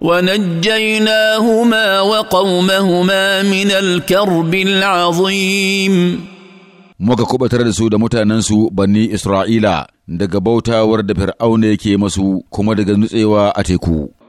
ونجيناهما وقومهما من الكرب العظيم muka kubatar da su da mutanensu banni Isra'ila daga bautawar da Fir'auna yake masu kuma daga nutsewa a teku.